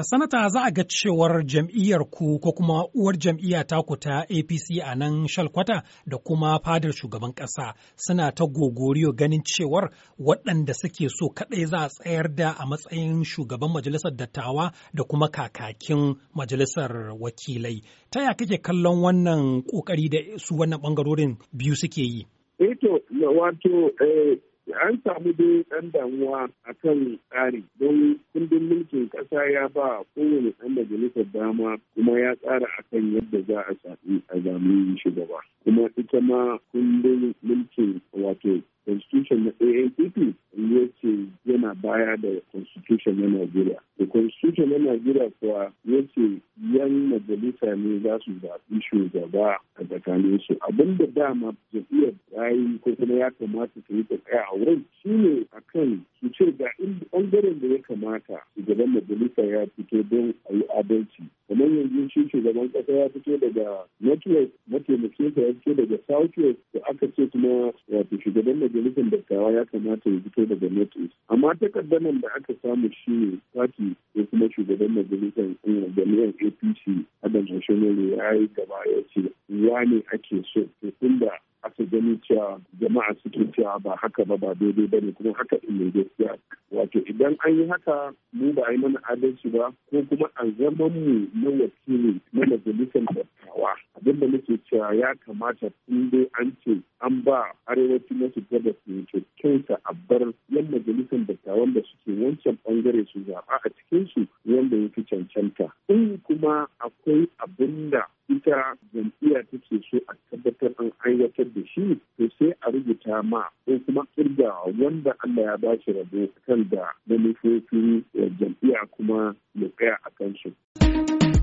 Sanata za a ga cewar jam'iyyar ku ko kuma uwar jam'iyya taku ta APC a nan Shalkwata da kuma fadar shugaban ƙasa suna ta gogoriyo ganin cewar waɗanda suke so kaɗai za a tsayar da a matsayin shugaban majalisar dattawa da kuma kakakin majalisar wakilai. Ta ya kake kallon wannan ƙoƙari da su wannan ɓangarorin biyu suke yi? Eto, eh wato eh, an samu dai ɗan damuwa a kan tsari don kundin mulkin ƙasa ya ba kowane ɗan majalisar dama kuma ya tsara akan yadda za a shafi a zamuyi shugaba kuma ita ma kundin mulkin wato constitution na AAPP ya baya da constitution na Najeriya. Da constitution na Najeriya kuwa ya ce yan majalisa ne za su zaɓi shugaba a tsakanin su. Abinda dama jam'iyyar ta yi ko kuma ya kamata ta yi ta a wurin shine akan su ce ga inda ɓangaren da ya kamata shugaban majalisa ya fito don a yi adalci. Kamar yanzu shi shugaban ƙasa ya fito daga Northwest mataimakinsa ya fito daga Southwest da aka ce kuma wato shugaban majalisar dattawa ya kamata ya fito daga Northwest. Amma ta takaddamar da aka samu shi ne sati ya kuma shugaban majalisar jamian apc adam oshonere ya yi gaba ya ce ne ake so to da aka gani cewa jama'a suke cewa ba haka ba ba daidai ba ne kuma haka ne gaskiya idan an yi haka mu ba a yi mana adalci ba ko kuma a zaman mu na wakili na majalisar dattawa abin da muke cewa ya kamata tun dai an ce an ba arewacin na shiga da su kyauta a bar yan majalisar dattawan da suke wancan bangare su zaɓa a cikin su wanda ya fi cancanta in kuma akwai abin da ita jam'iyya take so a tabbatar aiwatar da shi to sai a rubuta ma ko kuma kirga wanda Allah ya bashi rabo kan da manufofi manufofin eh, jam'iyya kuma ya tsaya a kansu.